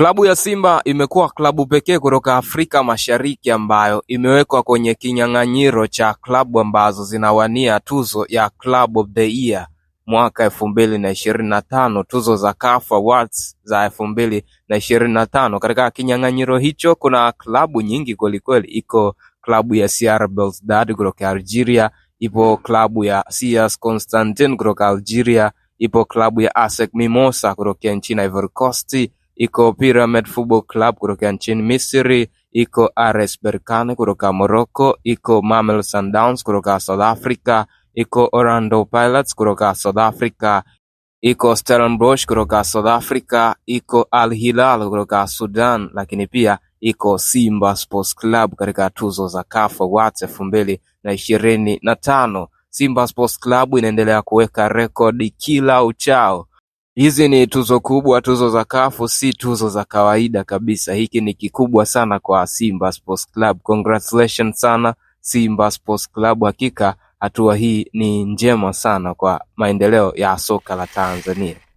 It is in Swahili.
Klabu ya Simba imekuwa klabu pekee kutoka Afrika Mashariki ambayo imewekwa kwenye kinyang'anyiro cha klabu ambazo zinawania tuzo ya Club of the Year mwaka 2025, na ishirini tuzo za CAF Awards za 2025. na ishirini Katika kinyang'anyiro hicho kuna klabu nyingi kwelikweli, iko klabu ya CR Belouizdad kutoka Algeria, ipo klabu ya CS Constantine kutoka Algeria, ipo klabu ya ASEC Mimosa kutoka nchini Ivory Coast iko Pyramid Football Club kutokea nchini Misri iko RS Berkane kutoka Morocco iko Mamelodi Sundowns kutoka South Africa iko Orlando Pirates kutoka South Africa iko Stellenbosch kutoka South Africa iko Al Hilal kutoka Sudan lakini pia iko Simba Sports Club katika tuzo za CAF Awards elfu mbili na ishirini na tano. Simba Sports Club inaendelea kuweka rekodi kila uchao Hizi ni tuzo kubwa tuzo za Kafu si tuzo za kawaida kabisa hiki ni kikubwa sana kwa Simba Sports Club congratulations sana Simba Sports Club hakika hatua hii ni njema sana kwa maendeleo ya soka la Tanzania